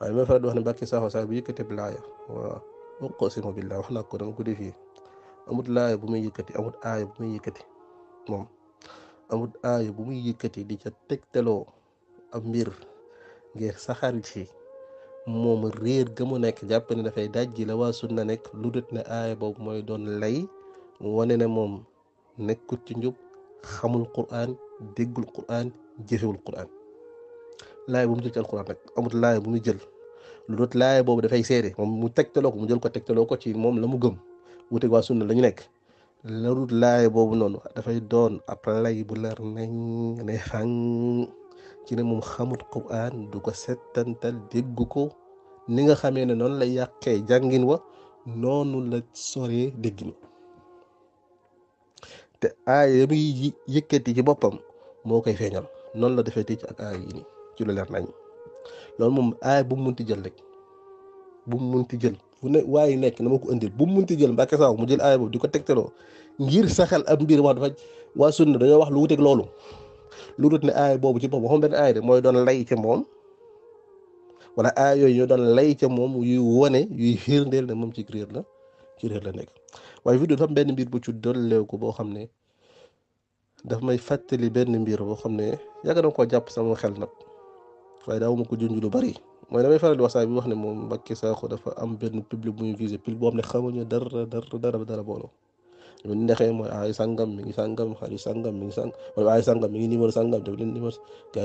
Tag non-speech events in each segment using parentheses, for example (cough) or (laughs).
waaye ma faral di wax ne Mbàkke Sakho saa bu yëkkati bi laaya waaw uqsimu billah wax naa ko dama ko defee amut laaya bu muy yëkkati amut aaya bu muy yëkkati moom amut aaya bu muy yëkkati di ca tegtaloo ab mbir ngir saxarit si moom réer ga mu nekk jàpp ne dafay dajji la waa sunna nekk lu dut ne aaya boobu mooy doon lay wane ne moom nekkut ci njub xamul Qur'an déggul Qur'an jëfewul Qur'an. laay bu mu jël ci alquran nag laay bu muy jël lu dut laay boobu dafay seede moom mu tegtaloo ko mu jël ko tegtaloo ko ci moom la mu gëm wuteeg waa sunna la ñu nekk la dut laay boobu noonu dafay doon ab lay bu leer nañ ne xàng ci ne moom xamut du ko settantal dégg ko ni nga xamee ne noonu la yàqee jàngin wa noonu la soree déggin te aay ya muy yëkkati ci boppam moo koy feeñal noonu la defee ci ak aay yi ci leer nañ loolu moom aay bu mu munti jël rek bu mu munti jël fu ne waaye nekk na ma ko indil bu mu munti jël Mbàkke mu jël di ko tegtaloo ngir saxal ab mbir wax dafa waa sunna dañoo wax lu wuteeg loolu lu dut ne aay boobu ci boppam waxoon benn aay de mooy doon lay ca moom wala aay yooyu ñoo doon lay ca moom yuy wone yuy xirndeel ne moom ci réer la ci réer la nekk waaye vidéo dafa am benn mbir bu doon dolleew ko boo xam ne daf may fàttali benn mbir boo xam ne yàgg na koo jàpp sama xel nag waaye ma ko junj lu bari mooy damay faral di wax saa bi wax ne moom Mbacké Sakho dafa am benn public bu ñu visé pile ne xamuñu dara dara dara dara booloo ñu mooy ay sangam mi ngi sangam xarit sangam mi ngi sang wala ay mi ngi numéro sangam daf leen numéro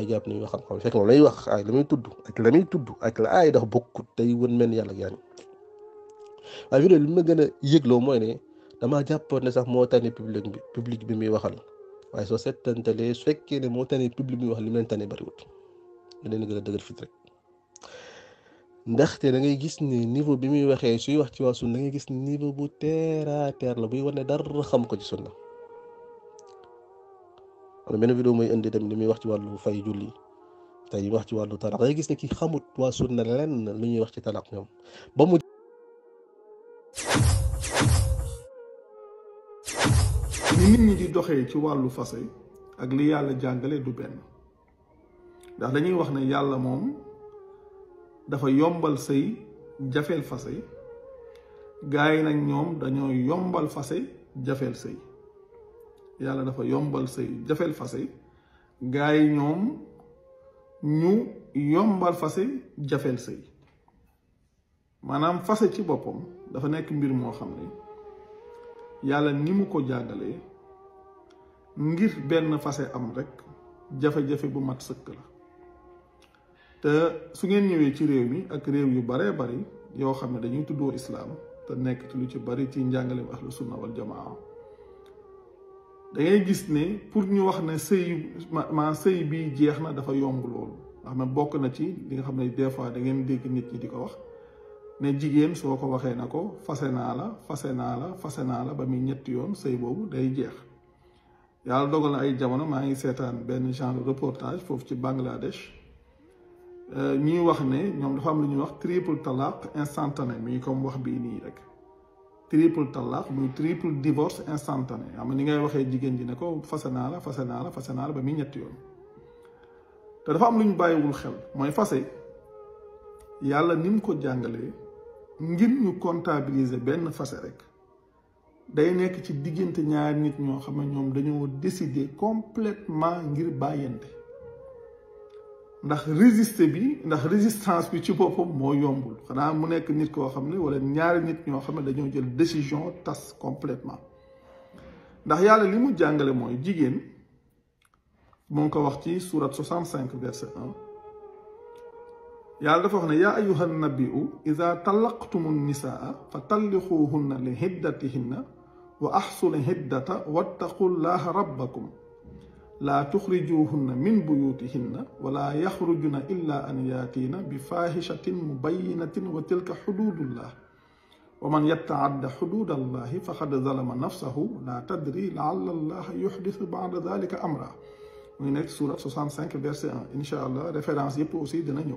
jàpp nañu wax xam-xam fekk moom lay wax ay la muy tudd ak la tudd ak la ay dafa bokkut tey wën mel ni yàlla yaa ngi waaye fi ma gën yëgloo mooy ne damaa jàppoon ne sax moo tane public bi public bi muy waxal waaye soo seetantalee su fekkee ne moo tane public bi muy wax li mu leen nga leen gën a dëgër fit rek ndaxte da ngay gis ni niveau bi muy waxee suy wax ci waa sunna da ngay gis niveau bu teera teer la buy wane dara xam ko ci sunna am na benn vidéo mooy indi tamit li muy wax ci wàllu fay julli tey wax ci wàllu talaq da ngay gis ne ki xamut waa sunna lenn lu ñuy wax ci talaq ñoom ba mu nit ñi di doxee ci wàllu fase ak li yàlla jàngale du benn ndax dañuy wax ne yàlla moom dafa yombal sëy jafeel fase gaay yi nag ñoom dañoo yombal fase jafeel sëy yàlla dafa yombal sëy jafeel fase gaay yi ñoom ñu yombal fase jafeel sëy maanaam fase ci boppam dafa nekk mbir moo xam ne yàlla ni mu ko jàngalee ngir benn fase am rekk jafe-jafe bu mat sëkk la su ngeen ñëwee ci réew mi ak réew yu baree bari yoo xam ne dañuy tuddoo islaam te nekk ci lu ci bari ci njàngale njàngaleem ahlu sunna wal jamaa da ngay gis ne pour ñu wax ne sëy ma sëy bi jeex na dafa yomb loolu nga xam ne bokk na ci li nga xam ne des fois da ngeen dégg nit ñi di ko wax ne jigéen soo ko waxee na ko fase naa la fase naa la fase naa la ba muy ñetti yoon sëy boobu day jeex yaa dogal na ay jamono maa ngi seetaan benn genre reportage foofu ci Bangladesh Euh, ñi ngi wax ne ñoom dafa am lu ñuy wax triple talaq instantané mi kom wax bii nii rek triple talaq muy triple divorce instantané xam nga ni ngay waxee jigéen ji ne ko fase naa la fase naa la fase naa la ba muy ñetti yoon te dafa am lu ñu bàyyiwul xel mooy fase yàlla ni mu ko jàngalee ngir ñu comptabiliser benn fase rek day nekk ci diggante ñaari nit ñoo xam ne ñoom dañoo décider complètement ngir bàyyante ndax résister bi ndax résistance bi ci boppam mo yombul xana mu nek nit ko xamne wala ñaari nit ñoo xamne dañu jël décision tass complètement ndax yàlla limu jàngale moy jigen mon ko wax ci surat 65 verset 1 yàlla dafa wax ne yaa ayuha nabiu ida talaqtumu nisaa fa tallixuhunna li hiddatihinna wa axsul hiddata wattaqullaha rabbakum لا تخرجوهن من بيوتهن ولا يخرجن إلا أن ياتين بفاحشة مبينة وتلك حدود الله ومن يتعد حدود الله فقد ظلم نفسه لا تدري لعل الله يحدث بعد ذلك أمرا mu ngi nekk suura 65 verset 1 incha allah référence yëpp aussi dina ñëw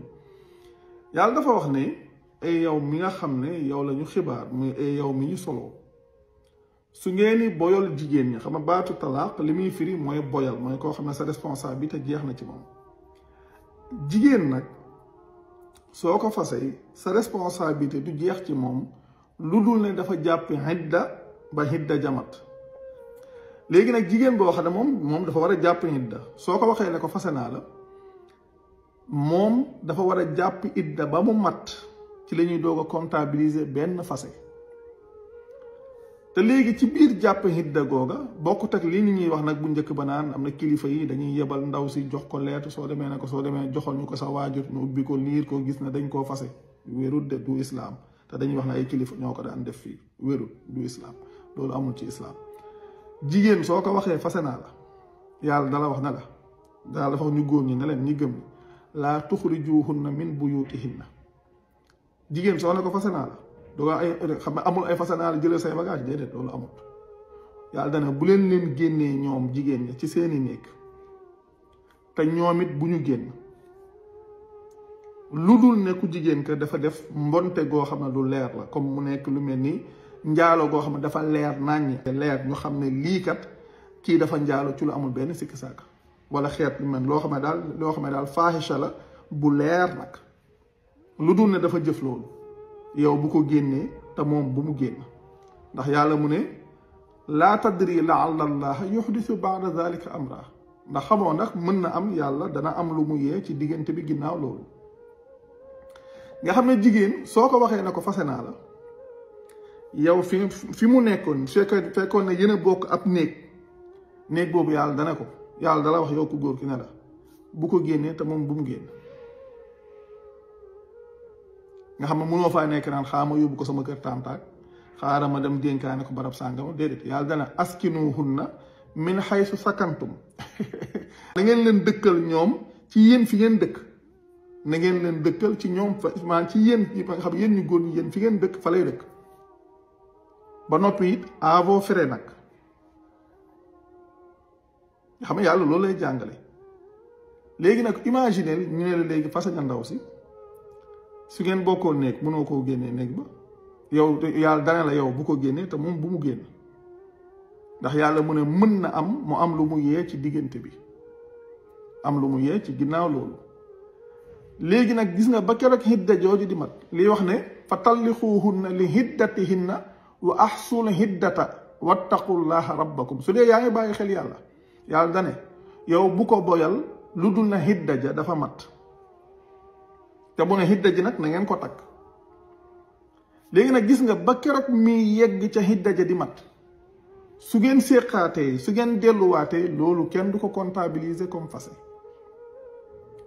yàlla dafa wax ne ay yow mi nga xam ne yow la ñu xibaar muy ay yow mi ñu soloo su ngeen di boyal jigéen ñi xam baatu talaaq li muy firi mooy boyal mooy koo xam ne sa responsabilité jeex na ci moom jigéen nag soo ko fasee sa responsabilité du jeex ci moom lu dul ne dafa jàpp xidda ba xidda jamat léegi nag jigéen boo xam ne moom moom dafa war a jàpp xidda soo ko waxee ne ko fase la moom dafa war a jàpp idda ba mu mat ci la ñuy doog a comptabiliser benn fase te léegi ci biir jàpp hidda googa bokkut ak li nit ñuy wax nag bu njëkk ba naan am na kilifa yi dañuy yebal ndaw si jox ko leetu soo demee ne ko soo demee joxal ñu ko sa waajur ñu ubbi ko liir ko gis na dañ koo fase wérut de du islaam te dañuy wax ne ay kilifa ñoo ko daan def fii wérut du islaam loolu amul ci islaam soo ko waxee fase naa la yàlla dala wax na la dala dafa ñu góor ñi ne ñi gëm laa na min bu buyutihinna jigéen soo ne ko fase naa la du ko ay xam ne amul ay fasanaal jëlee say bagage déedéet loolu amut yàlla dana bu leen leen génnee ñoom jigéen ña ci seeni néeg te ñoom it bu ñu génn lu dul ne jigéen ka dafa def mbonte goo xam ne du leer la comme mu nekk lu mel ni njaalo goo xam ne dafa leer naññi leer ñu xam ne lii kat kii dafa njaaloo ci lu amul benn sikki sàkk wala xeet lu mel loo xam ne daal loo xam ne daal faahisha la bu leer nag lu dul ne dafa jëf loolu yow bu ko génnee te moom bu mu génn ndax yàlla mu ne laa tadri laalla allaha yuxdisu baada dalika amra ndax xamoo ndax mën na am yàlla dana am lu mu yee ci diggante bi ginnaaw loolu nga xam ne jigéen soo ko waxee na ko fase naa la yow fi fi mu nekkoon fekk fekkoon ne yéen a bokk ab néeg néeg boobu yàlla dana ko yàlla dala wax yow ku góor ki ne la bu ko génnee te moom bu mu génn nga xam ne mënoo faa nekk naan xaama yóbbu ko sama kër tàntaak ma dem dénkaane ko barab sàngama déedéet yàlla dana askinuhunna min haythu sakantum (laughs) na ngeen leen dëkkal ñoom ci yéen fi ngeen dëkk na ngeen leen dëkkal ci ñoom fa ci yéen yéen ñu góor ñi yéen fi ngeen dëkk fa lay ba noppi it à vos nag nga xam yàlla loolu lay jàngale léegi nag imaginer ñu ne la léegi fase ndaw si su ngeen bokkoon néeg mënoo koo génnee néeg ba yow yàlla dana la yow bu ko génnee te moom bu mu génn ndax yàlla mu ne mën na am mu am lu mu yee ci diggante bi am lu mu yee ci ginnaaw loolu léegi nag gis nga ba keroog xidda jooju di mat lii wax ne fa tallixuhunna li hiddatihinna wa ahsul hiddata wattaqullaha rabbakum su dee yaa ngi bàyyi xel yàlla yàlla dane yow bu ko boyal lu dul na xidda ja dafa mat te mu ne hidda ji nag na ngeen ko takk léegi nag gis nga ba keroog miy yegg ca hidda ja di mat su ngeen séqaatee su ngeen delluwaatee loolu kenn du ko comptabiliser comme fase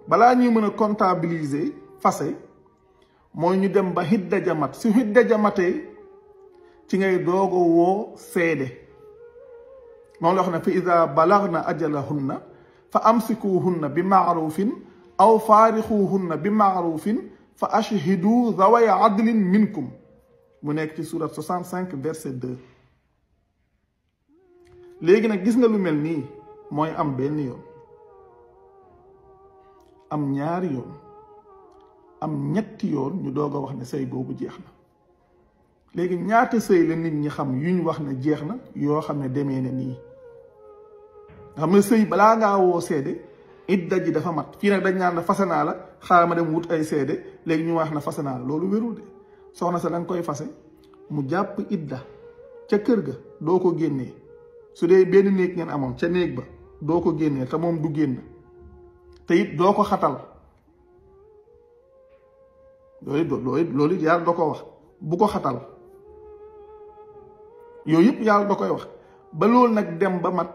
balaa ñuy mën a comptabiliser fase mooy ñu dem ba hidda ja mat su hidda ja matee ci ngay doog a woo seede noonu la wax ne fa ida balagna ajalahunna fa amsikuhunna bi maarufin aw faarixuhunna bi maarufin fa ashhidu zaway adlin minkum mu nekk ci surat 65 verset 2 léegi nag gis nga lu mel nii mooy am benn yoon am ñaari yoon am ñetti yoon ñu doog a wax ne sëy boobu jeex na léegi ñaata sëy la nit ñi xam yuñ wax ne jeex na yoo xam ne demee na nii nga xam na sëy balaa ngaa woo seede it idda ji dafa mat fii nag dañ naan na fase naa la xaaral ma dem wut ay seede léegi ñu wax na fase naa la loolu wérul de soxna sa da koy fase mu jàpp idda ca kër ga doo ko génnee su dee benn néeg ngeen amoon ca néeg ba doo ko génnee te moom du génn te it doo ko xatal loolu loolu ko wax bu ko xatal yooyu yëpp yàlla da koy wax ba loolu nag dem ba mat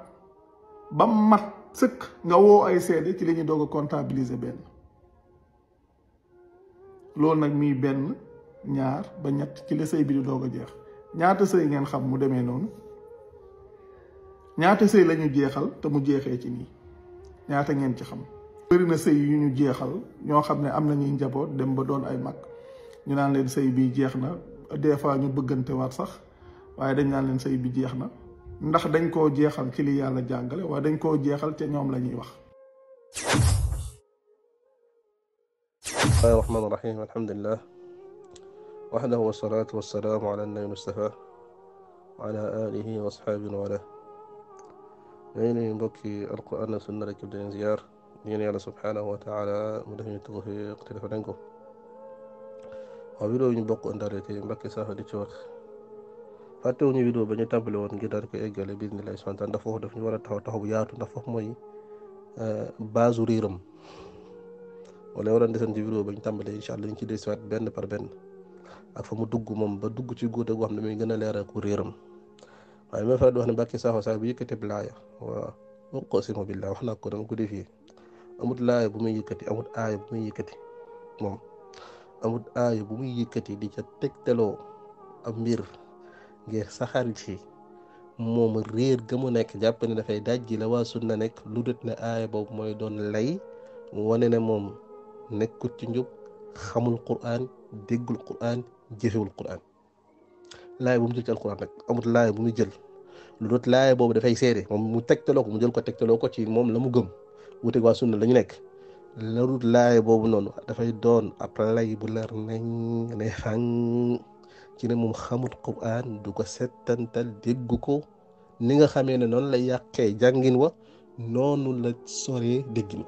ba mat sëkk nga woo ay seede ci lañuy ñuy doog a comptabiliser benn loolu nag muy benn ñaar ba ñett ci la sëy bi di doog a jeex ñaata sëy ngeen xam mu demee noonu ñaata sëy lañu jeexal te mu jeexee ci nii ñaata ngeen ci xam bëri na sëy yu ñu jeexal ñoo xam ne am nañuy njaboot dem ba doon ay mag ñu naan leen sëy bi jeex na des fois ñu bëggante waat sax waaye dañ naan leen sëy bi jeex na ndax dañ ko jéxal ci li yàlla jàngale wa dañ ko jéxal te ñom lañuy wax الله الرحمن الرحيم الحمد لله وحده والصلاة والسلام على النبي المصطفى وعلى آله وأصحابه وله نيني بكي القرآن سنة لكبد زيار نيني على سبحانه وتعالى مدهن التوفيق تلفنكم وبيلو ينبقوا أنداريتي بكي سافر ديتشوك fàttewuñu vidéo ba ñu tàmbali woon ngir daal di koy eggale biir ni lay santaan ndax foofu daf ñu war a taxaw taxaw bu yaatu ndax foofu mooy euh, base riiram wala waroon deseen ci vidéo ba ñu tàmbalee incha allah ñu ci desiwaat benn par benn ak fa mu dugg moom ba dugg ci góote goo xam ne muy gën a leeral ku réeram waaye ma faral di wax ne Mbàkke Saaxo saa bu yëkkati laaya waaw uqsimu billaah wax naa ko dama ko defee amut laaya bu muy yëkkati amut aaya bu muy yëkkati moom amut aaya bu muy yëkkati di ca tegtaloo ab mbir ngir saxal ci moom réer ga mu nekk jàpp ne dafay dajji la waa sunna nekk lu dut ne aaya boobu mooy doon lay wone ne moom nekkut ci njub xamul Qur'an déggul Qur'an jëfewul Qur'an laay bu mu jël ci alquran nag amut laay bu mu jël lu dut laay boobu dafay seede moom mu tegtaloo ko mu jël ko tegtaloo ko ci moom la mu gëm wuteeg waa sunna la ñu nekk dut laay boobu noonu dafay doon ab lay bu leer nañ ne fang ci ne moom xamut Qur'an du ko settantal dégg ko ni nga xamee ne noonu la yàqee jàngin wa noonu la soree déggin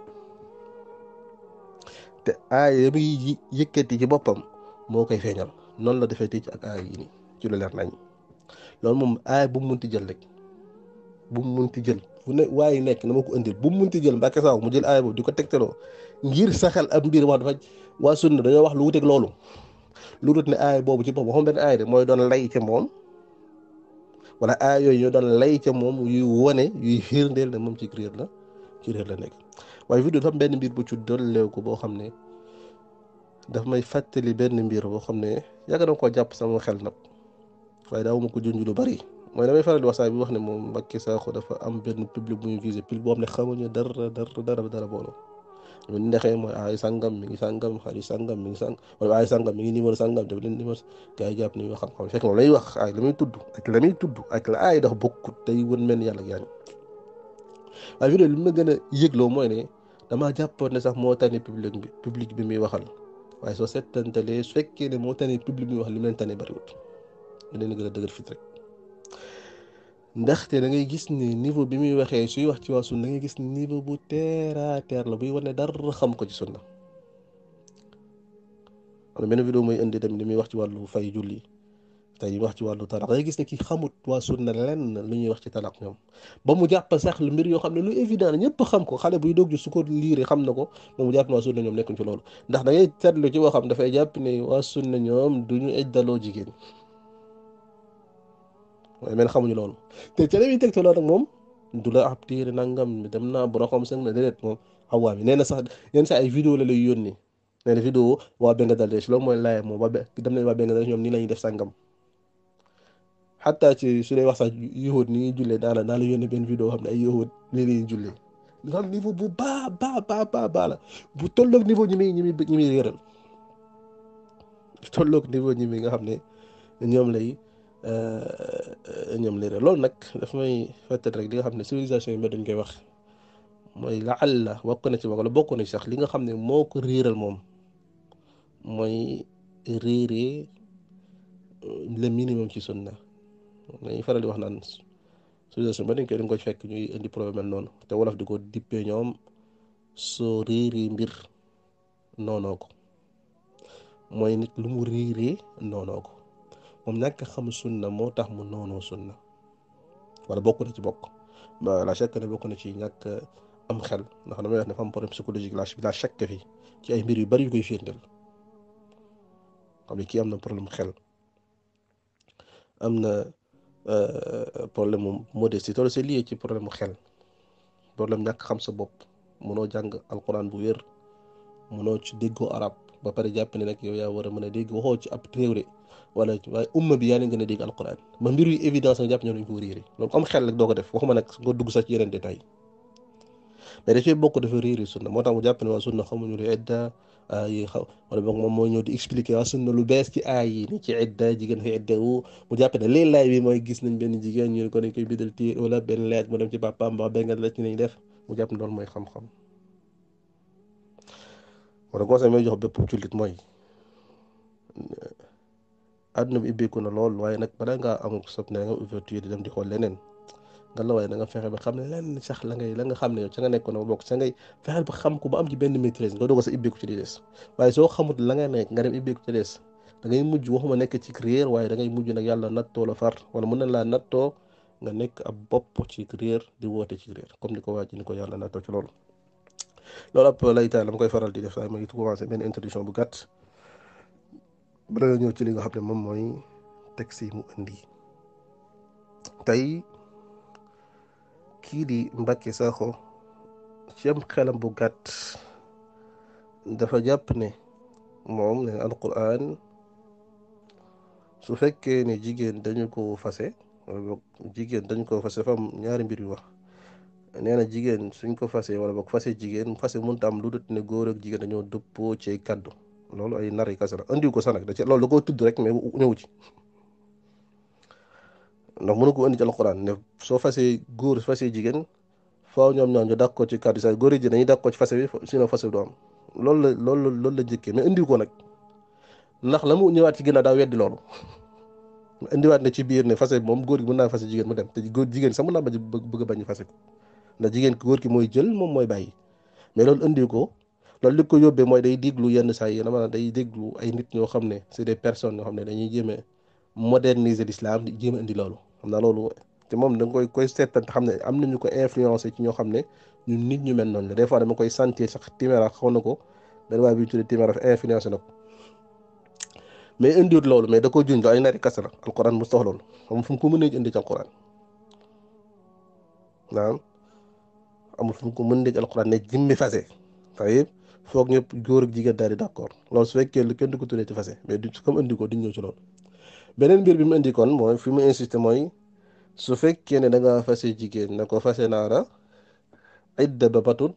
te aaya bi yëkkati ci boppam moo koy feeñal noonu la defee tëj ak aaya yi ci lu leer nañ loolu moom aaya bu mu munti jël rek bu mun munti jël fu ne waaye nekk na ma ko indil bu mun munti jël mbàkke saaw mu jël aaya boobu di ko tegtaloo ngir saxal ab mbir wax dafa waa sunna dañoo wax lu wuteeg loolu lu dut ne aay boobu ci boppam benn aay de mooy doon lay ca moom wala aay yooyu ñoo doon lay moom yuy wone yuy xiirndeel ne moom ci réer la ci réer la nekk waaye vidéo dafa benn mbir bu ci ko boo xam ne daf may fàttali benn mbir boo xam ne yàgg na koo jàpp sama xel na waaye daawu ma ko junj lu bari mooy damay faral di wasaay bi wax ne moom Mbacké Sakho dafa am benn public bu ñu visé pile boo xam ne xamuñu dara dara dara dara booloo bu neexee mooy ay sangam mi ngi sangam xarit sangam mi ngi sang wala ay sangam mi ngi numéro sangam daf leen numéro gars yi jàpp nañu wax xam-xam fekk moom lay wax ay la muy tudd ak la muy tudd ak la ay dax bokkut tey wën mel yàlla yaa ngi waaye vidéo li ma gën a yëgloo mooy ne damaa jàppoon ne sax moo tane public bi public bi muy waxal waaye soo seetantalee su fekkee ne moo tane public bi muy wax li mu leen tane bariwut li leen gën a dëgër fit rek ndaxte da ngay gis ni niveau bi muy waxee suy wax ci waa sunna da ngay gis ni niveau bu teera teer la buy wane dara xam ko ci sunna am na benn vidéo mooy indi tamit li muy wax ci wàllu fay julli tey wax ci wàllu talaq da ngay gis ne kii xamut waa sunna lenn lu ñuy wax ci talaq ñoom ba mu jàpp sax lu mbir yoo xam ne lu évident ñëpp xam ko xale buy doog ju su ko liire xam na ko ba mu jàpp ne waa sunna ñoom nekkuñ ci loolu ndax da ngay seetlu ci waxam dafay jàpp ne waa sunna ñoom duñu ejdaloo jigéen waaye men xamuñu loolu te ca dañuy teg loolu moom du la ab nangam dem naa bu raxam sëñ la déedéet moom awaa mi nee na sax yenn saa ay vidéo la lay yónni nee na vidéo waa Bangladesh loolu mooy laay moom waa dem nañ waa ñoom nii ñuy def sàngam xataa ci su dee wax sax yahud ni ñuy jullee naa la naa la yónnee benn vidéo xam ne ay yahud nii la ñuy jullee nga xam niveau bu baa baa baa baa baa la tolloog niveau ñi muy nga xam ne ñoom lay euh, ñoom li lool nag daf may fàttali rek li nga xam ne civilisation yi ma dañ koy wax mooy la àlla bokk na ci wala bokk na ci sax li nga xam ne moo ko réeral moom mooy réeree le minimum ci sunna dañuy faral di wax naan civilisation ba dañ koy dañ koy fekk ñuy indi problème noonu te wolof di ko dippee ñoom soo réeree mbir noonoo ko mooy nit lu mu réeree noonoo ko mom ñàkk xam sunna moo tax mu nono sunna wala bokku na ci bokk la chek ne bokku na ci ñak am xel ndax dama wax ne fam problème psychologique la la chek fi ci ay mbir yu bari yu koy firndeel xam ki am na problème xel am na problème mu modestie loolu c'est lié ci problème mu xel problème ñak xam sa bop mëno jàng alquran bu wér mëno ci déggo arab ba pare jàpp ne nag yow yaa war a mën a dégg waxoo ci ab réew de wala waaye umma bi yaa leen gën a dégg alquran ma mbir yu évidence nag jàpp ñoom dañ ko réeré loolu am xel rek doo ko def waxuma nag nga dugg sax ci yeneen détail mais dafay bokk dafa réeré sunna moo tax mu jàpp ne waa sunna xamuñu lu idda yi xaw wala boog moom mooy ñëw di expliquer waa sunna lu bees ci aay yi ni ci idda jigéen fi idda wu mu jàpp ne lii laay bi mooy gis nañ benn jigéen ñu ko dañ koy bidal téer wala benn laaj mu dem ci papaam ba benn laaj ci nañ def mu jàpp ne loolu mooy xam-xam wala conseil may jox bépp jullit mooy àdduna bi ubbeeku na lool waaye nag bala ngaa am sob ne nga ouverture di dem di xool leneen nga na nga fexe ba xam lenn sax la ngay la nga xam ne yow ca nga nekkoon ba bokk sa ngay fexeel ba xam ko ba am ci benn maîtrise nga doog a sa ubbeeku ci di waaye soo xamut la nga nekk nga dem ubbeeku ci des da ngay mujj waxuma nekk ci réer waaye da ngay mujj nag yàlla nattoo la far wala mën na laa nattoo nga nekk a bopp ci réer di woote ci réer comme ni ko waa ji ni ko ci loolu loolu ab laytaan dama koy faral di def saa ma ngi commencé benn introduction bu gàtt bala nga ñëw ci li nga xam ne moom mooy texte si mu indi tey kii di Mbacke Sakho ci am xelam bu gàtt dafa jàpp ne moom ne alquran su fekkee ne jigéen dañu ko fase wala jigéen dañu ko fase fam ñaari mbir yu wax nee na jigéen suñ ko fasee wala boog fase jigéen fase mënta am lu dut ne góor ak jigéen dañoo dëppoo ci kaddu loolu ay nar yi kase la andiw ko sax nag da ci loolu da koo tudd rek mais ñëwu ci ndax mënu ko indi ci alxuraan ne soo fasee góor fase jigéen faaw ñoom ñoom ñu dàq ko ci kaddu sax góor yi dañuy dàq ko ci fase bi sinon fase bi du am loolu la la jëkkee mais ko nag ndax la mu ñëwaat ci ginnaaw daa weddi loolu indiwaat na ci biir ne fase moom góor gi mën naa fase jigéen mu dem te jigéen sax mën naa bañ bëgg a bañ fase ko na jigéen ki góor ki mooy jël moom mooy bàyyi mais loolu indi ko loolu li ko yóbbee mooy day déglu yenn saa yi dama day déglu ay nit ñoo xam ne c'est des personnes ñoo xam ne dañuy jéem a moderniser l'islam di jéem a indi loolu xam naa loolu te moom da koy koy seetaan xam ne am nañu ko influencé ci ñoo xam ne ñun nit ñu mel noonu la des fois dama koy sentir sax Timéra xaw na ko benn waay bi ñu tuddee Timéra influencé na ko mais indiwut loolu mais da ko junj ay nari kasa la alquran mu soxla loolu xam fu mu ko mënee indi ci alquran naam amul fu ko mën dégg alxuraan ne jimmi fase tayib foog ñëpp góor jigéen daal di d' accord loolu su fekkee lu kenn du ko tuddee ci fase mais du comme indi ko di ñëw ci loolu beneen mbir bi mu indi mooy fi mu insisté mooy su fekkee ne da nga fase jigéen ne ko fase naara la idda ba batut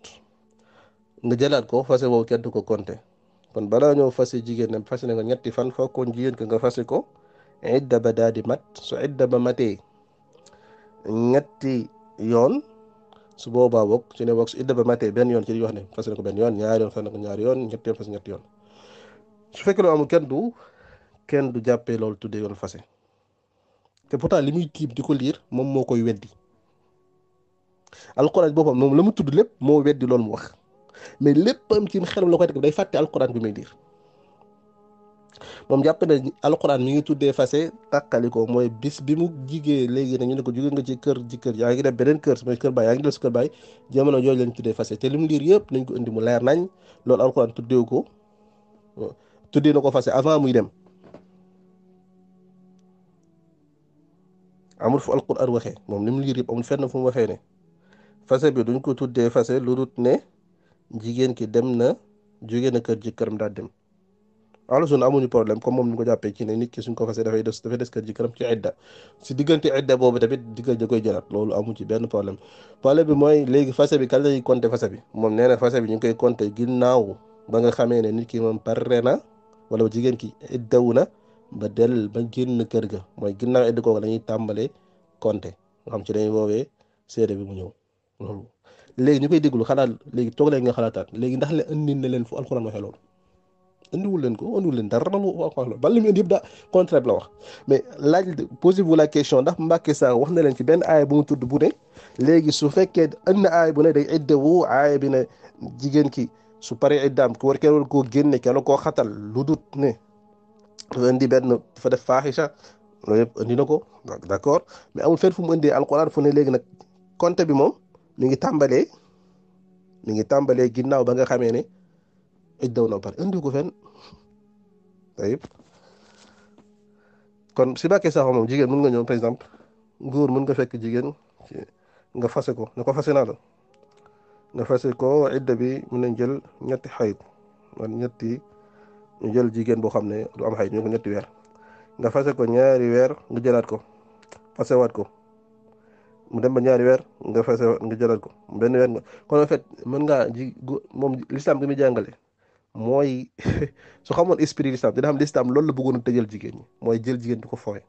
nga jëlaat ko fase boobu kenn du ko compté kon balaa ñëw fase jigéen ne fase ne nga ñetti fan foog kon jigéen ko nga fase ko idda ba daal di mat su idda ba matee ñetti yoon su boobaa boog su ne boog su idda ba matee benn yoon ci di wax ne fas na ko benn yoon ñaari yoon fas na yoon su fekkee loo amul kenn du kenn du jàppee loolu tudde yoon fase te pourtant li muy tiim di ko liir moom moo koy weddi alxuraan boobam moom la mu tudd lépp moo weddi loolu mu wax mais lépp am ci xelam la koy teg day fàtte alxuraan bi muy liir moom jàpp al alxuraan mi ngi tuddee fase tàkkalikoo mooy bis bi mu jigee léegi ne ñu ne ko jigéen nga ci kër ji kër ngi def beneen kër kër baay yaa ngi def si kër baay jamono jooju lañ tuddee fase te li mu liir yëpp nañ ko indi mu leer nañ loolu alxuraan tuddeewu ko tuddee na ko fase avant muy dem amul fu alxuraan waxee moom li liir yëpp amul fenn fu mu waxee ne fase bi duñ ko tuddee fase lu dut ne jigéen ki dem na jóge na kër jëkkëram daal dem ahlu sunna amuñu problème comme moom ni ko jàppee ci ne nit ki suñ ko fase dafay des dafay des kër jëkkëram ci idda si diggante idda boobu tamit diggante da koy jëlaat loolu amu ci benn problème problème bi mooy léegi fase bi bi na fase ne nit ki moom pare na wala jigéen ki iddawu na ba del ba génn kër ga mooy ginnaaw idda kooku lañuy tàmbalee compter nga xam ci dañuy woowee séede bi mu ñëw loolu léegi ñu koy déglu xalaat léegi toog leen nga xalaataat léegi ndax le indi na leen fu alxuraan waxee loolu indiwul leen ko indiwul leen dara lu wax wax la bala mu indi yëpp daa contraire la wax mais laaj posez-vous la question ndax Mbacke Sakho wax na leen ci benn aaya bu mu tudd bu ne léegi su fekkee indi aaya bu ne day iddewu aaya bi ne jigéen ki su paree iddaam ku war kenn war koo génne kenn koo xatal lu dut ne dafa benn dafa def faaxisha loolu indi na ko d'accord mais amul fenn fu mu indee alquran fu ne léegi nag compte bi moom mi ngi tàmbalee mi ngi tàmbalee ginnaaw ba nga xamee ne. aj daw na pare indi ko fenn ayib kon si bàkkee saxo moom jigéen mën nga ñëw par exemple góor mën nga fekk jigéen nga fase ko ne ko fase naa la nga fase ko idda bi mën nañ jël ñetti xayit man ñetti ñu jël jigéen boo xam ne du am xayit ñu ko ñetti weer nga fase ko ñaari weer nga jëlaat ko fasewaat ko mu dem ba ñaari weer nga fase nga jëlaat ko benn weer nga kon en fait mën ngaa ji moom l'islam gi muy jàngale mooy (laughs) su xamoon esprit l'islam dina xam l'islam loolu la bëggoon a tëjal jigéen ñi mooy jël jigéen di ko fooy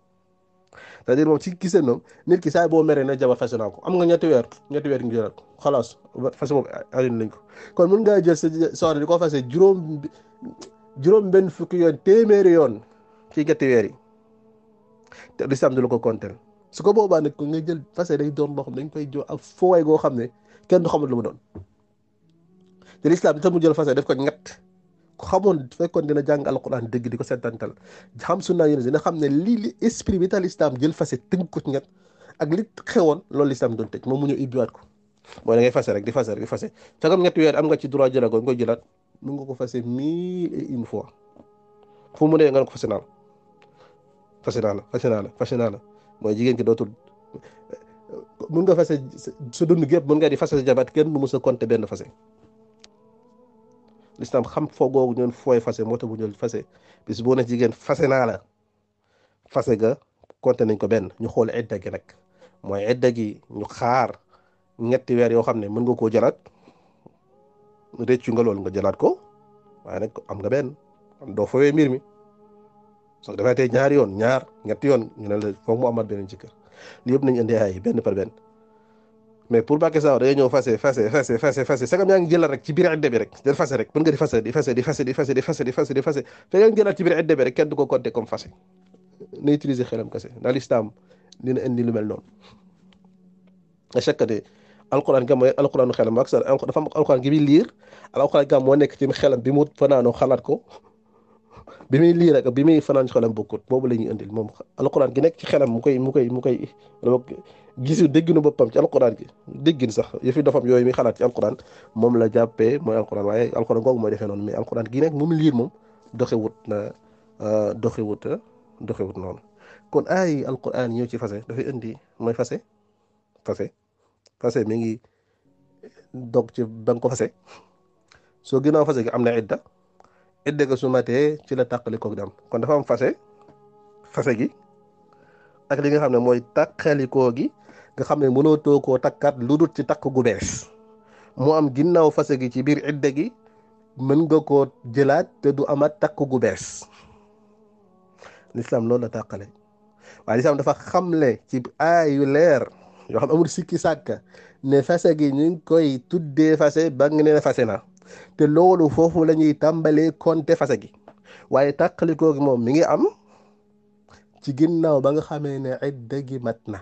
c'est-à-dire saa boo meree ne jabar fase naa ko am nga ñetti weer ñetti weer xalaas fase moom arin lañ ko kon mën ngaa jël sa soxna di ko fase juróom juróom benn fukki yoon téeméeri yoon ci ñetti yi te l'islam ko konteel su ko boobaa nag ko nga jël fase day doon loo xam dañ koy jox ak foowaay goo xam ne kenn du xamul lu mu doon te l'islam itam mu jël fase def ko ñett xamoon fekkoon dina jàng alquran dëgg di ko seetantal xam sunna yéen dina xam ne lii li esprit bi taal islam jël fase tënk ko ci ñett ak li xewoon loolu islam doon tëj moom mu ñëw ibbiwaat ko mooy da ngay fase rek di fase rek di fase fekkoon ñetti weer am nga ci droit jëlaat ko nga koy jëlaat mun ko fase mille et une fois fu mu ne nga ko fase naa la fase naa la fase naa la fase naa la mooy jigéen ki dootul mun nga fase sa dund gépp mun nga di fase sa jabaat kenn du mos a compter benn fase lislaam xam foogoogu ñoon fooy fase moo tax bu ñoon fase bis boo ne jigéen fase naa la fase ga compté nañ ko benn ñu xool idda gi nag mooy idda gi ñu xaar ñetti weer yoo xam ne mën nga koo jëlaat réccu nga loolu nga jëlaat ko waaye nag am nga benn doo fawee mbir mi soo defee tey ñaari yoon ñaar ñetti yoon ñu ne la foog mu amaat beneen ci kër li yëpp nañ indi ay benn par benn mais pour Mbacké Sakho da ngay ñëw fase fase fase fase fase sangam yaa ngi jëlal rek ci biir edde bi rek del fase rek mën nga di fase di fase di fase di fase di fase di fase di fase te yaa ngi jëlal ci biir edde bi rek kenn du ko compté comme fase na utiliser xelam kese ndax lislaam dina indi lu mel noonu à chaque de alquran ga mooy alquranu xelam ak sa dafa am alquran gi bi liir alquran ga moo nekk ci xelam bi mu fanaanoo xalaat ko bi muy lii rek bi muy fanaan ci xelam bokkut boobu la ñuy indil moom alxuraan gi nekk ci xelam mu koy mu koy mu koy gisu dégginu boppam ci alxuraan gi déggin sax yëfi dofam yooyu muy xalaat ci alxuraan moom la jàppee mooy alxuraan waaye alxuraan googu mooy defee noonu mais alxuraan gi nekk moom liir moom doxewut na euh, doxewut euh, doxewut noonu kon ay alxuraan ñëw ci fase dafay indi mooy fase fase fase mi ngi dog ci ba nga ko fase soo ginnaaw fase gi am na idda idda ga su matee ci la tàqali koog dam kon dafa am fase fase gi ak li nga xam ne mooy tàqalikoo gi nga xam ne mënoo too koo takkaat lu dut ci takk gu bees mu am ginnaaw fase gi ci biir idda gi mën nga koo jëlaat te du amaat takk gu bees lislaam loolu la tàqale waaye lislaam xam le ci aayu leer yoo xam amul sikki sàkka ne fase gi ñu koy tuddee fase ba nga ne fase na te loolu foofu la ñuy tàmbalee compter fase gi waaye tàqalikoo gi moom mi ngi am ci ginnaaw ba nga xamee ne idda gi mat na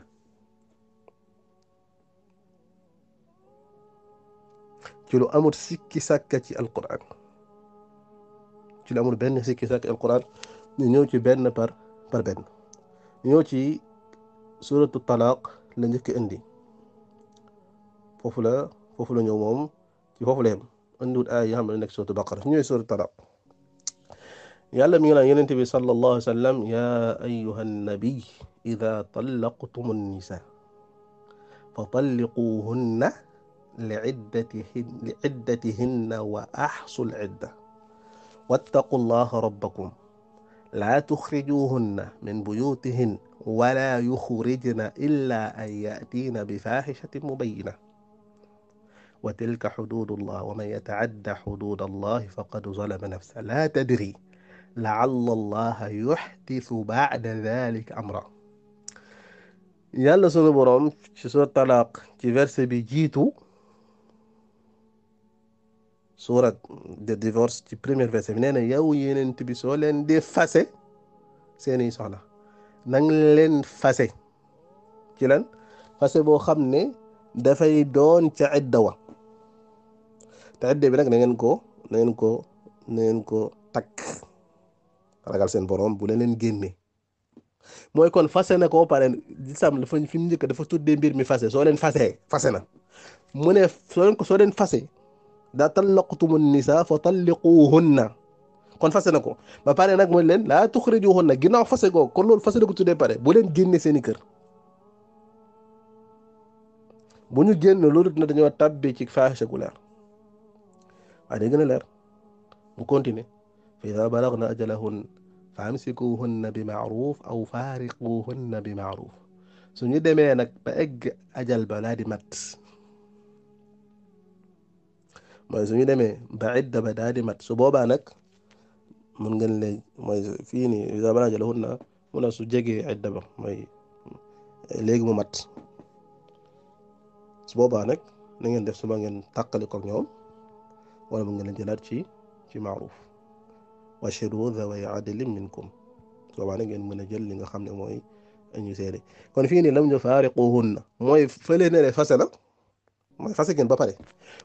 ci lu amul sikki sàkka ci alquran ci lu benn sikki sàkka ci ñu ñëw ci benn par benn ñëw ci suratu talaaq la njëkk indi foofu la foofu la ñëw moom ci foofu la yem indiwut aay yi xam ne nekk suratu baqara ñooy suratu talaq yàlla mi ngi naan yonent bi sallallahu alayhi wa sallam yaa ayuha nabi ida tallaqtum nisa fa talliquhunna لعدتهن وأحصوا العدة واتقوا الله ربكم لا تخرجوهن من بيوتهن ولا يخرجن إلا أن يأتين بفاحشة مبينة وتلك حدود الله ومن يتعد حدود الله فقد ظلم نفسه لا تدري لعل الله يحدث بعد ذلك أمرا يلا سنو بروم في سورة الطلاق في فرس بيجيتو سورة دي ديفورس في بريمير فرس منين يو ينين تبي سولين دي فاسي سيني سولا نغلن فاسي كيلان فاسي بو خمني دافاي دون تاع الدواء tadde bi nag na ngeen ko na ngeen ko na ko takk ragal seen borom bu leen leen génne mooy kon fase na ko pare lislam dafa fi mu njëkk dafa tuddee mbir mi fase soo leen fasee fase na mu ne soo leen ko soo leen fase daa tallaqtumu nisa fa talliquhunna kon fase na ko ba pare nag mooy leen laa tuxrijuhunna ginnaaw fase ko kon loolu fase na ko tuddee pare bu leen génne seeni kër bu ñu génn loolu dina dañoo tàbbi ci faahisha leer waaye day gën a leer mu continuer fa ida balagna ajalahun fa amsikuhunna bi maaruf aw faariquhunna bi maaruf suñu demee nag ba egg ajal ba di mat mooy suñu demee ba idda ba mat su boobaa nag mun ngeen lay mooy fii nii ida balagna ajalahunna su jegee idda ba mooy mu mat su boobaa nag na ngeen def su ma ngeen tàqali ko ñoom wala mu nga leen jëlaat ci ci maaruuf washiru dhaway adlin minkum boobaa nag ngeen mën a jël li nga xam ne mooy ñu seede kon fii nii lam ñu faariquhunna mooy fële ne ne fase la mooy fase ngeen ba pare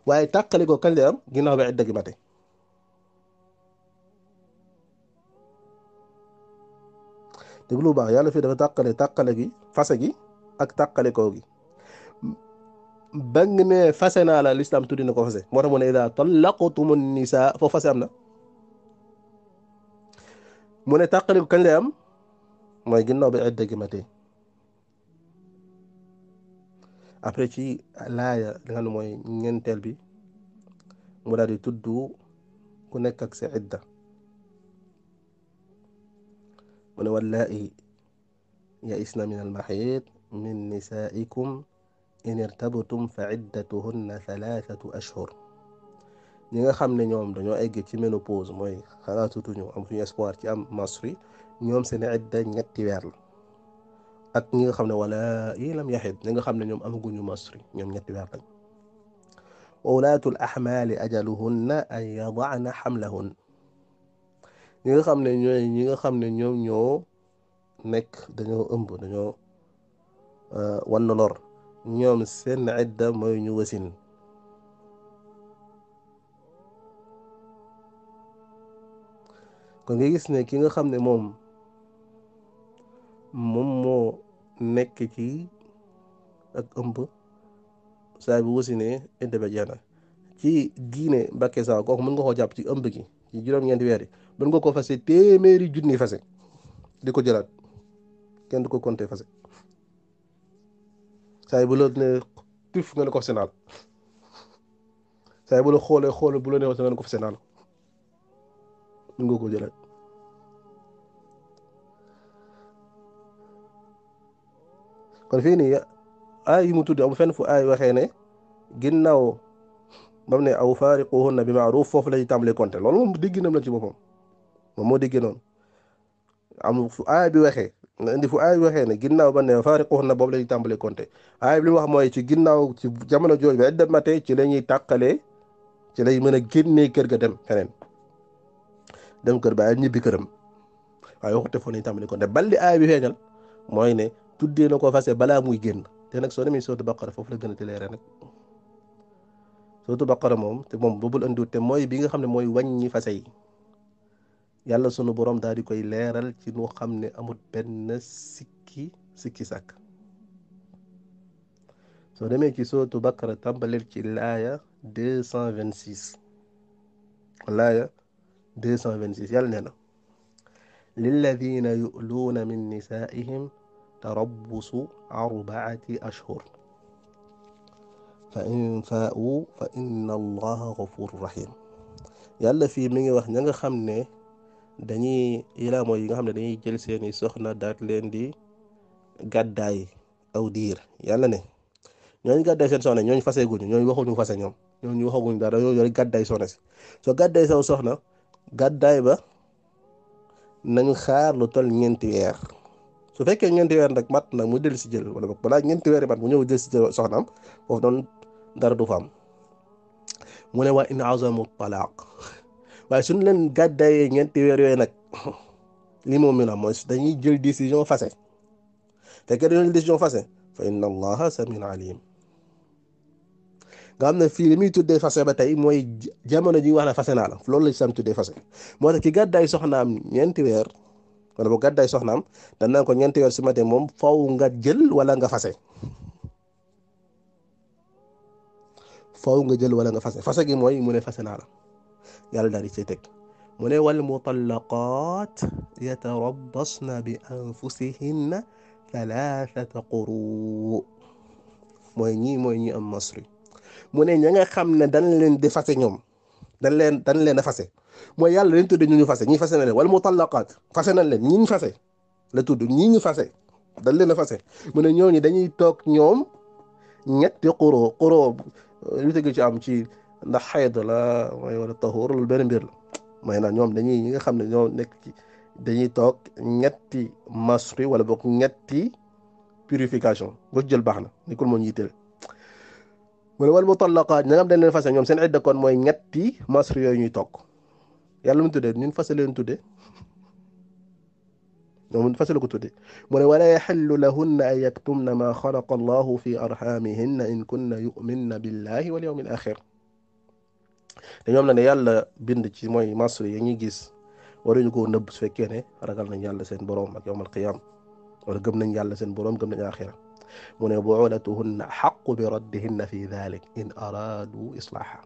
waaye tàqali ko kañ lay am ginnaaw ba idda gi mate déglu baax yàlla fii dafa tàqale tàqale gi fase gi ak takkale koo gi ba nga ne fase naa la lislaam tuddi na ko fase moo tax mu ne ida tallaqtumu nisaa foofu fase am na mu ne tàqaliku kañ lay am mooy ginnaaw bi idda gi matee après ci laaya li nga xam ne bi mu daal ku nekk ak sa idda mu ne wallaahi yaisna min almaxiid min nisaikum إن irtabtum fa iddatuhunna thalathatu ashhur ñi nga xam ne ñoom dañoo egg ci ménopause mooy xalaatutuñu amatuñu espoir ci am masri ñoom seen idda ñetti weer la ak ñi nga xam ne wala yi lam yaxid ñi nga xam ne ñoom amaguñu masri ñoom ñetti weer lañ wa ulaatul ahmaali ajaluhunna an yadana xamlahun ñi nga xam ne ñooy ñi nga xam ne ñoom ñoo nekk dañoo ëmb dañoo wann lor ñoom seen idda mooy ñu wasin kon nga gis ne ki nga xam ne moom moom moo nekk ci ak ëmb saa bu wasinee idda ba jeex na ci diine Mbàkke saa kooku mën nga koo jàpp ci ëmb gi ci juróom-ñeenti weer yi mën nga koo fase téeméeri junni fase di ko jëlaat kenn du ko compter fase saa yi bu la ne pif nga ne ko Sénégal saa yi bu la xoolee xoolee bu la nga ne ko Sénégal mën nga ko jëlee. kon fii nii aay yi mu tudd am fu ay waxee ne ginnaaw bam ne aw na bi ma'ruf foofu la ñuy tàmbalee compter loolu moom dégg la ci boppam moom moo déggee noonu am fu aay bi waxee nga indi fu aay bi ne ginnaaw ba ne faariquhunna boobu la ñuy tàmbali compter aay li mu wax mooy ci ginnaaw ci jamono jooju ba idda mate ci la ñuy tàqalee ci lay mën a génnee kër ga dem feneen dem kër ba ay ñibbi këram waaye waxute foo la ñuy tàmbali compter bal li aay bi feeñal mooy ne tuddee na ko fase balaa muy génn te nag soo demee sootu baqara foofu la gën a ti leere nag sootu baqara moom te moom boobul andiwut te mooy bi nga xam ne mooy wàññi fase yi yàlla sunu borom daal di koy leeral ci nu xam ne amut benn sikki sikki sàkk soo demee ci sootu Bakara tàmbaleel ci laaya 226 laaya 226 yàlla nee na lilladina yu'luuna min nisaa'ihim tarabbusu arbaati ashhur فإن فاؤوا فإن الله غفور رحيم يلا في yàlla fii نيغا خامني dañuy ilaa yi nga xam ne dañuy jël seeni soxna daat leen di gàddaay aw diir yàlla ne ñooñu gàddaay seen soxna ñooñu faseeguñu ñooñu waxuñu fase ñoom ñooñu waxaguñu dara ñooñu yore gàddaay soxna si soo gàddaay saw soxna gàddaay ba nañu xaar lu toll ñeenti weer su fekkee ñeenti weer nag mat nag mu del si jël wala balaa ñeenti weer ba mu ñëw jël si jël soxnaam foofu noonu dara du fa am mu ne waa in azamu talaaq waaye suñ leen gàddaayee ñeenti weer yooyu nag li moom mi na mooy dañuy jël décision fase fekk dañoo jël décision fase fa inna allaha samin alim nga xam ne fii li muy tuddee fase ba tey mooy jamono ji wax na fase naa la loolu la islam tuddee fase moo tax ki gàddaay soxnaam ñeenti weer wala bu gàddaay soxnaam danaa ko ñeenti weer si mate moom faw nga jël wala nga fase faw nga jël wala nga fase fase gi mooy mu ne fase naa la يالا ريتيتك موني والمطلقات يتربصن بانفسهن ثلاثه قروء موي ني موي ني ام مصري موني نيغا خامن دان لين دي فاسي نيوم دان لين دان لين فاسي موي يالا لين تود نيو فاسي ني فاسي والمطلقات فاسي نان لين ني ني فاسي لا تود ني ني فاسي دان لين فاسي موني نيو ني دانيي توك نيوم نيت قروء قروء لي تيغي سي ام سي ndax xayda la mooy wala tahur lu benn mbir la mooy na ñoom dañuy ñi nga xam ne ñoo nekk ci dañuy toog ñetti masri wala boog ñetti purification boo jël baax na ni kul moo ñuy tële wala wal mutallaqat ña nga dañ leen fase ñoom seen idda kon mooy ñetti masri yooyu ñuy toog yàlla mu tuddee ñun fase leen tuddee ñoom fase la ko tuddee mu ne wala yaxillu lahunna an yaktumna ma xalaqa allahu fi arhamihinna in kunna yuminna billahi wal yawmi al axir te ñoom nag ne yàlla bind ci mooy masru ya ñuy gis waruñu koo nëbb su fekkee ne ragal nañ yàlla seen borom ak yowmal qiyam wala gëm nañ yàlla seen borom gëm nañ axira mu ne buulatuhunna xaqu bi raddihinna fi dhalik in aradu islaaxa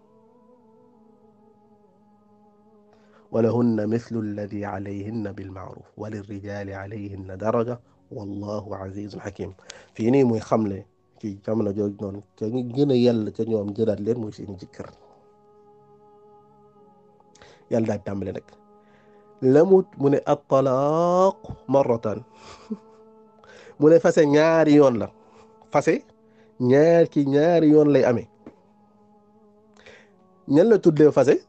ولهن مثل الذي عليهن بالمعروف وللرجال عليهن درجة والله عزيز حكيم فيني ني موي خملة ci jamono jog non te gëna yalla te ñoom jëlat leen muy seeni jëkkër يلا دام لنك لموت من الطلاق مرة (laughs) من فاسي نيار يون لا فاسي نيار كي نيار يون لي امي نيال لا تود دي فاسي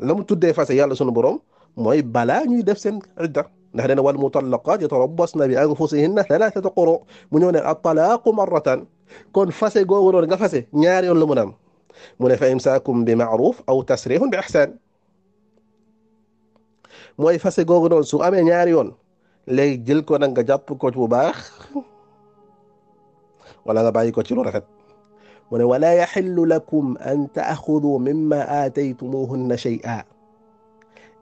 لموت تود دي فاسي يالا سونو بروم موي بلا ني ديف سين عدة ندا دنا وال مطلقات يتربصن بانفسهن ثلاثه قرو من يون الطلاق مرة كون فاسي غوغ نون غا نيار يون لمو نام من فامساكم بمعروف او تسريح باحسان moy fassé googu non su amé ñaar yoon légui jël ko nak nga jàpp ko ci bu baax wala nga bayiko ci lu rafet mu wala yaxillu lakum an ta'khudhu mimma aataytumuhunna shay'a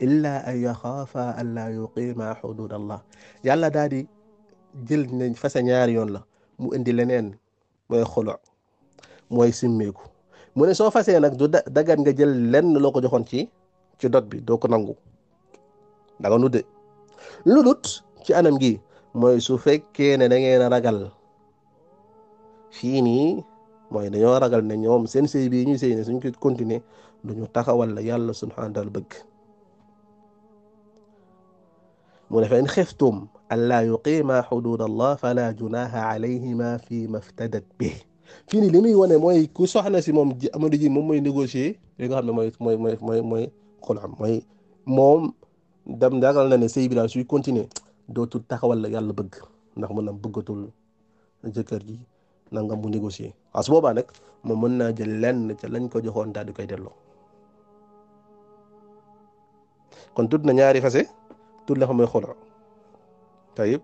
illa an yakhafa an la yuqima xudud allah yàlla dadi jël nañ fassé ñaar yoon la mu indi leneen moy xulu moy simmeku mu so fassé nak du dagan nga jël lenn loko joxon ci ci dot bi doo ko nangu danga nu de lu dut ci anam gi mooy su fekkee ne da ngeen a ragal fii nii mooy dañoo ragal ne ñoom seen sëy bii ñuy sëy ne suñ ko continuer duñu taxawal la yàlla subhanahu taala bëgg mu ne fa in xiftum an yuqima hudud allah fala junaha alayhima fi ma iftadat bih fii nii li muy wane mooy ku soxna si moom amadu ji moom mooy négocier li nga xam ne mooy mooy mooy mooy mooy xulaam mooy dem yaakaar na ne sëy bi suy continuer dootul taxawal la yàlla bëgg ndax mën na bëggatul jëkkër ji nangam mu négocier waaw su boobaa nag moom mën naa jël lenn lañ ko joxoon daal di koy delloo kon tudd na ñaari fase tudd la fa mooy xolo tayib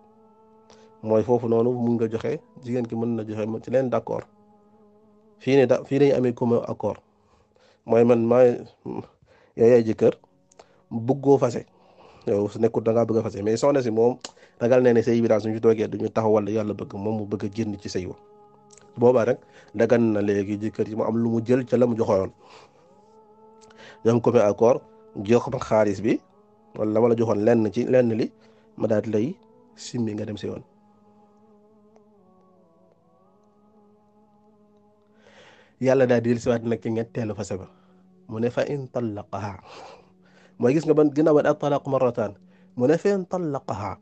mooy foofu noonu mun nga joxe jigéen ki mën na joxe ci leen d'accord fii ne da fii dañu amee commun accord mooy man maa yow yaay jëkkër bëggoo fase yow su nekkul da ngaa bëgg a fase mais soxna si moom ragal nee ne sëy bi daal suñu ci toogee duñu taxawal yàlla bëgg moom mu bëgg a génn ci say wa boobaa nag dagan na léegi jëkkër yi mu am lu mu jël ca la mu joxoon ñoom comme accord ma xaalis bi wala la ma joxoon lenn ci lenn li ma daal lay simmi nga dem si yoon yàlla daal di dellusiwaat na ci ñetteelu fase ba mu ne fa in tallaqaha مويس نبان جنا ولا طلاق مرتان منافين طلقها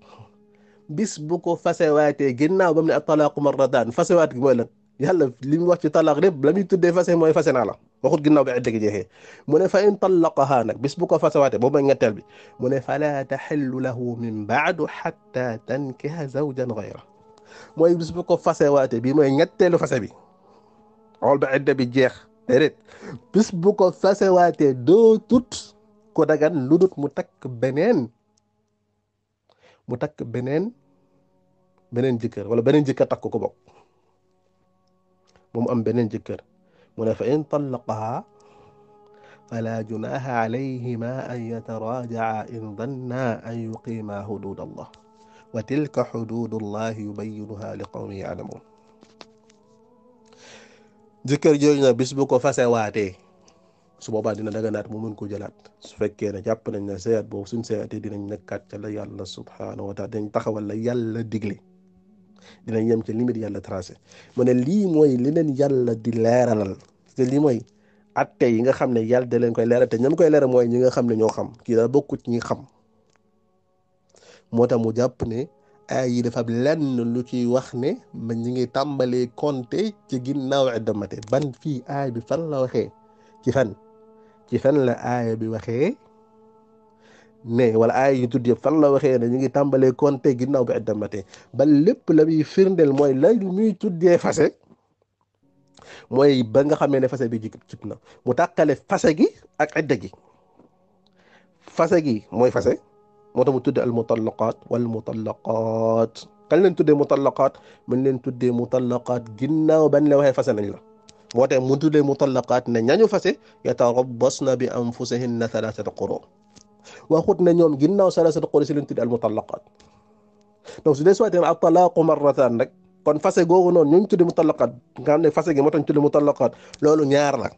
بسبك فسواتي جنا وبمن الطلاق مرتان فسوات قولا يلا لم وقت طلاق رب لم يتد فسه ما يفسن على وخذ جنا بعدك جه من فان طلقها نك بسبك فسواتي بوم نتل بي من فلا تحل له من بعد حتى تنكه زوجا غيره موي بسبك فسواتي بما نتل فسبي اول بعد بي جه ريت بسبك فسواتي دو توت ko dagan lu dut mu takk beneen mu takk beneen beneen jëkkër wala beneen jëkkër takk ko bokk moom am beneen jëkkër mu ne fa in tallaqaha fala junaha alayhima an yatarajaa in danna an yuqiima hudud allah wa tilka hudud allah yubayinuha li qawmi yaalamuun jëkkër jooju na bis bu ko fasewaatee su boobaa dina daga naat mu mën ko jëlaat su fekkee ne jàpp nañ ne seyaat boobu suñ seyaatee dinañ nekkaat ca la yàlla subhaanahu wa taala dinañ taxawal la yàlla digle dinañ yem ca limite yàlla tracé mu ne lii mooy li leen yàlla di leeralal te lii mooy atte yi nga xam ne yàlla da leen koy leeral te koy leeral mooy ñi nga xam ne ñoo xam kii daal bokku ci ñi xam moo tax mu jàpp ne ay yi dafa lenn lu ciy wax ne man ñi ngi tàmbalee compter ci ginnaaw idda mate ban fii aay bi fan la waxee ci fan ci fan la aaya bi waxee ne wala aaya yu tudd yëpp fan la waxee ne ñu ngi tàmbalee compte ginnaaw bi addamate ba lépp la muy firndeel mooy la muy tuddee fase mooy ba nga xamee ne fase bi jib jib na mu tàqale fase gi ak idda gi fase gi mooy fase moo tax mu tudde al mutallaqaat wal mutallaqaat kañ leen tuddee mutallaqaat mën leen tuddee mutallaqaat ginnaaw ban la waxee fase nañ la moo tax mu tuddee mutallaqaat ne ñañu fase yatarabbasna bi anfusihinna thalathata quru waxut ne ñoom ginnaaw thalathata quru si lañ tuddee al mutallaqaat donc su dee soit tamit ak talaaqu marratan rek kon fase googu noonu ñu ngi tuddee mutallaqaat nga xam ne fase gi moo tax loolu ñaar la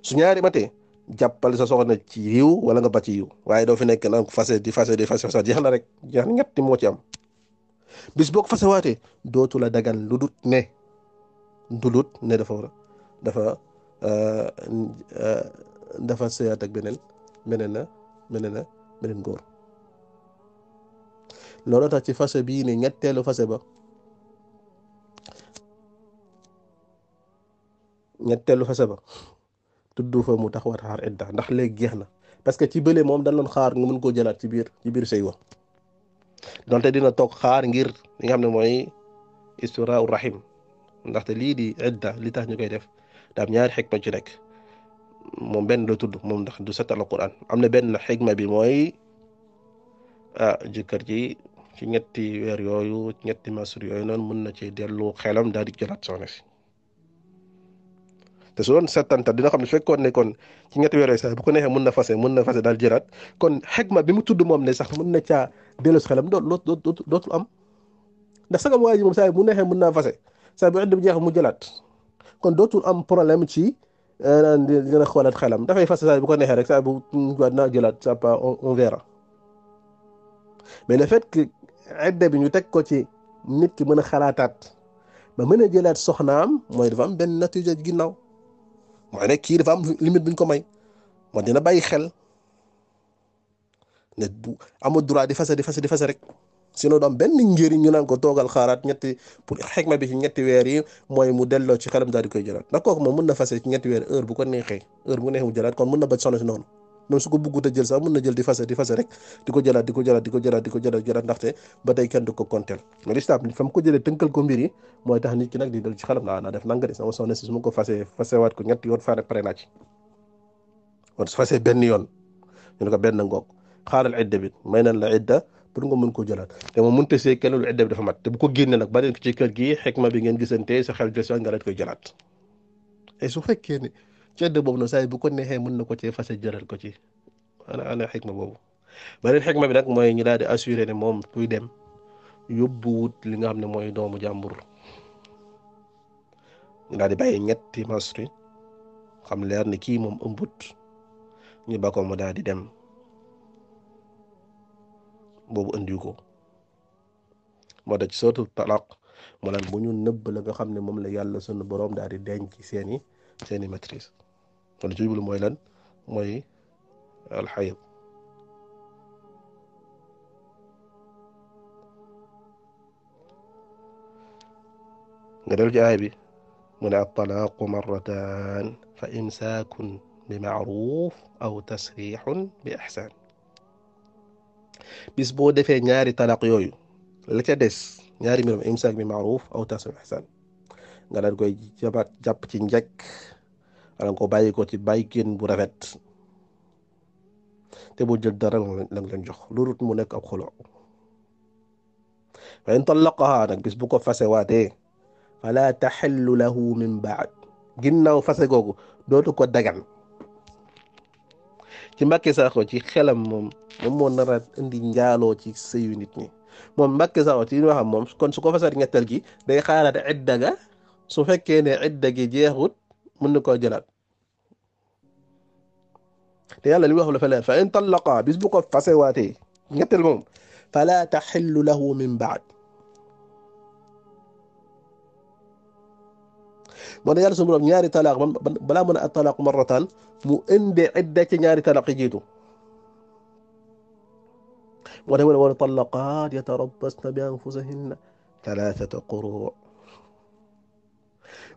su ñaari matee jàppale sa soxna ci yiw wala nga ba ci waaye doo fi nekk naan fase di fase di fase fase jeex na rek jeex na ñetti moo ci am bis boo ko fase waatee dootu la dagan lu dut ne. ndulut ne dafa war a dafa euh, dafa ak beneen beneen na beneen na beneen góor loolu tax ci fase bii ne ñetteelu fase ba ñetteelu fase ba tudd fa mu tax war xaar idda ndax léegi jeex na parce que ci bële moom dañ doon xaar nga mën koo jëlaat ci biir ci biir sëy wa donte dina toog xaar ngir li nga xam ne mooy istura rahim ndaxte lii di idda li tax ñu koy def daam ñaari xikma ci nekk moom benn la tudd moom ndax du setal alquran am na benn xikma bi mooy ah jëkkër ji ci ñetti weer yooyu ñetti masur yooyu noonu mën na ci dellu xelam daal di jëlaat soxna si te su dina xam ne fekkoon ne kon ci ñetti weer yooyu sax bu ko neexee mën na fase mën na fase daal jëlaat kon xikma bi mu tudd moom ne sax mën na caa dellu xelam saa bu idda bi jeexee mu jëlaat kon dootul am problème ci naan dina xoolaat xelam dafay fas saa bu ko neexee rek saa bu waa dinaa jëlaat ça pas on verra mais le fait que idda bi ñu teg ko ci nit ki mën a xalaataat ba mën a jëlaat soxnaam mooy dafa am benn natija ginnaaw mooy rek kii dafa am limite buñ ko may moo dina bàyyi xel ne amul droit di fase di fase di fase rek. si du am benn njëriñ ñu naan ko toogal xaaraat ñetti pour xikma bi ci ñetti weer yi mooy mu delloo ci xelam ndax kooku moom mun na fase ci ñetti weer heure bu ko neexee mu jëlaat kon mun na bañ sonn noonu a jël sax mun na jël di fase di fase rek di ko jëlaat di ko jëlaat di ko jëlaat di ko jëlaat jëlaat ndaxte ba tey kenn du ko konteel lislaam fa ko jëlee tënkal ko mbir mooy tax nit ki nag di dal ci xelam laa naa def nanga de sama soxna si fase fasewaat ko ñetti yoon faare pare naa fase benn yoon ñu ne ko benn ngoog xaaral idda bi may nañ la idda pour nga mën ko jëlaat te moom mënta see kenn lu idda bi dafa mat te bu ko génne nag ba leen ko ci kër gi xikma bi ngeen gisantee sa xel jël nga leen koy jëlaat et su fekkee ne ci idda boobu nag saa bu ko neexee mën na ko cee fase jëral ko ci ana ana xikma boobu beneen ma bi nag mooy ñu daal di assuré ne moom kuy dem yóbbuwut li nga xam ne mooy doomu jàmbur ñu daal di bàyyi ñetti masri xam leer ni kii moom ëmbut ñu ba ko mu daal di dem bobu andi ko mo da ci sootu talaq mo lan bu ñu neub la nga xamne mom la yàlla sunu borom daal di ci seeni seeni maîtrise wala ci jublu moy lan mooy alxayib nga del ci aay bi mu ne attalaaqu marratan fa imsaakun bi maaruf aw tasriixun bi ixsaan bis boo defee ñaari talaq yooyu la ca des ñaari mbiram imsaak bi maaruf aw tasrih ihsan nga daan koy jabat jàpp ci njëkk nga ko bàyyi ko ci bàyyi génn bu rafet te bu jël dara la nga leen jox loolu mu nekk ab xulo fa in talaqaha nag bis bu ko fase waatee fala taxillu lahu min baad ginnaaw fase googu dootu ko dagan ci Mbacké Sakho ci xelam moom moom moo nar a indi njaaloo ci sëyu nit ñi moom Mbacké Sakho ci wax ma moom kon su ko fasari ñetteel gi day xaaraat idda ga su fekkee ne idda gi jeexut mën na koo jëlaat te yàlla li wax la fa fa in talaqa bis bu ko fasewaatee ñetteel moom fala taxillu lahu min baad moo tax yàlla suñu borom ñaari talaaq balaa mën a at-talaaq marrataan mu indee idda ci ñaari talaaq yi jiitu moo tax mu ne wal mutallaqaat yatarabbasna bi anfusihinna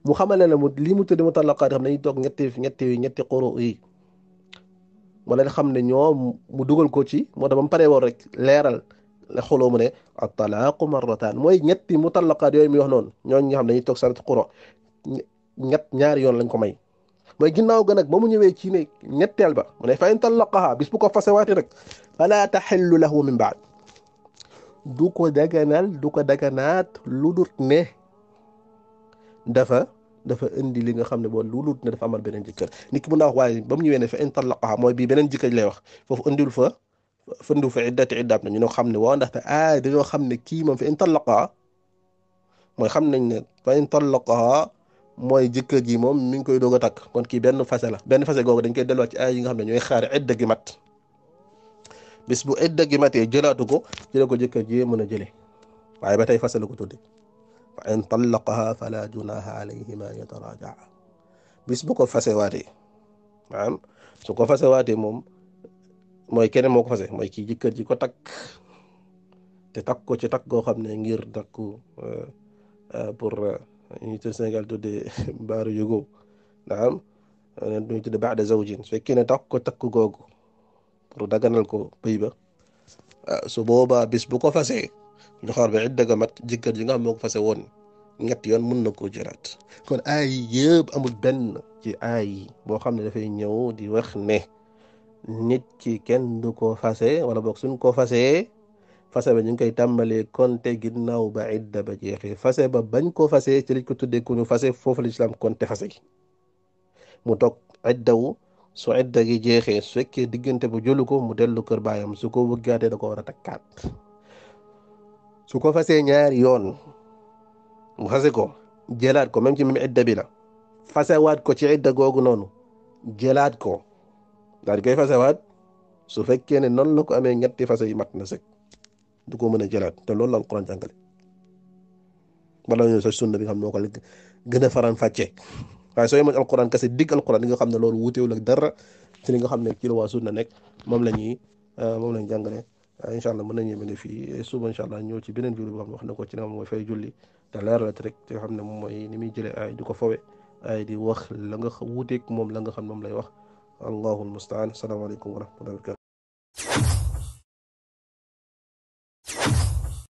mu xamale ne mu lii mu tudde mutallaqaat xam nañu toog ñetti ñetti ñetti quru' yi ma leen xam ne ñoom mu dugal ko ci moo tax ba mu paree woon rek leeral la xuloo mu ne at-talaaqu marrataan mooy ñetti mutallaqaat yooyu muy wax noonu ñooñu nga xam ne dañuy toog sarat quru ñett ñaari yoon lañ ko may mooy ginnaaw ga nag ba mu ñëwee ci ne ñetteel ba mu ne fa in tallaqaha bis bu ko fasewaati rek xel taxillu lahu min baad du ko daganal du ko daganaat lu dut ne dafa dafa indi li nga xam ne boo lu dut ne dafa amal beneen jëkkër nikk ki mun naa wax waaye ba mu ñëwee ne fa in tallaqaha mooy bi beneen jëkkër lay wax foofu indil fa fëndu fa iddati iddaam na ñu ne xam ne waaw ndax ah xam ne kii moom fa in tallaqaha mooy xam nañ ne fa in tallaqaha mooy jëkkër ji moom mi koy doog a takk kon kii benn fase la benn fase googu dañ koy delluwaat ci ay yi nga xam ne ñooy xaar idda gi bis bu idda gi matee jëlaatu ko jëlee ko jëkkër ji mën a jëlee waaye ba tey fase la ko tudde fa in tallaqaha fala junaha alayhima yatarajaa bis bu ko fase waatee maanaam su ko fase waatee moom mooy keneen moo ko fase mooy kii jëkkër ko takk te takk ko ci takk goo xam ne ngir takku euh, euh, pour euh, ñu tudd Sénégal tuddee (laughs) baaru yugub naam duñu tudde baada zawjin su fekkee ne takk ko takk googu pour nal ko bëy ba ah, su boobaa bis bu ko fasee ñu xaar ba it dëgg mat jëkkër ji nga xam moo ko fase woon ñett yoon mun na koo jëlaat kon aay yi yëpp amul benn ci aay yi boo xam ne dafay ñëw di wax ne nit ki kenn du ko fase wala boog suñ ko fasee fase ba ñu ngi koy tàmbalee konte ginnaaw ba idda ba jeexee fase ba bañ koo fase ci liñ ko tuddee ku ñu fase foofu la islam konte fase gi mu toog idda wu su idda jeexee su fekkee diggante bu jëlu ko mu dellu kër baayam su ko wëggaatee da ko war a takkaat su ko fasee ñaari yoon mu fase ko jëlaat ko même ci la fasewaat ko ci idda googu noonu jëlaat ko daal koy fasewaat su fekkee ne noonu la ko amee ñetti fase yi mat na sëkk du ko mën a jëlaat te loolu la alquran jàngale bala ñoo sa sunna bi xam moo ko gën a faran fàcce waaye soo yemoon alquran kese digg alquran di nga xam ne loolu wuteew lag dara ci li nga xam ne ci la waa sunna nekk moom la ñuy euh, moom la ñu jàngale incha allah mën nañu yemale fii suba incha allah ñëw ci beneen vidéo boo xam ne wax na ko ci li nga xam mooy fay julli te rek ci xam ne moom mooy ni muy jëlee ay di ko fowe ay di wax la nga wuuteeg moom la nga xam moom lay wax allahul mustaan salaamaaleykum wa rahmatulah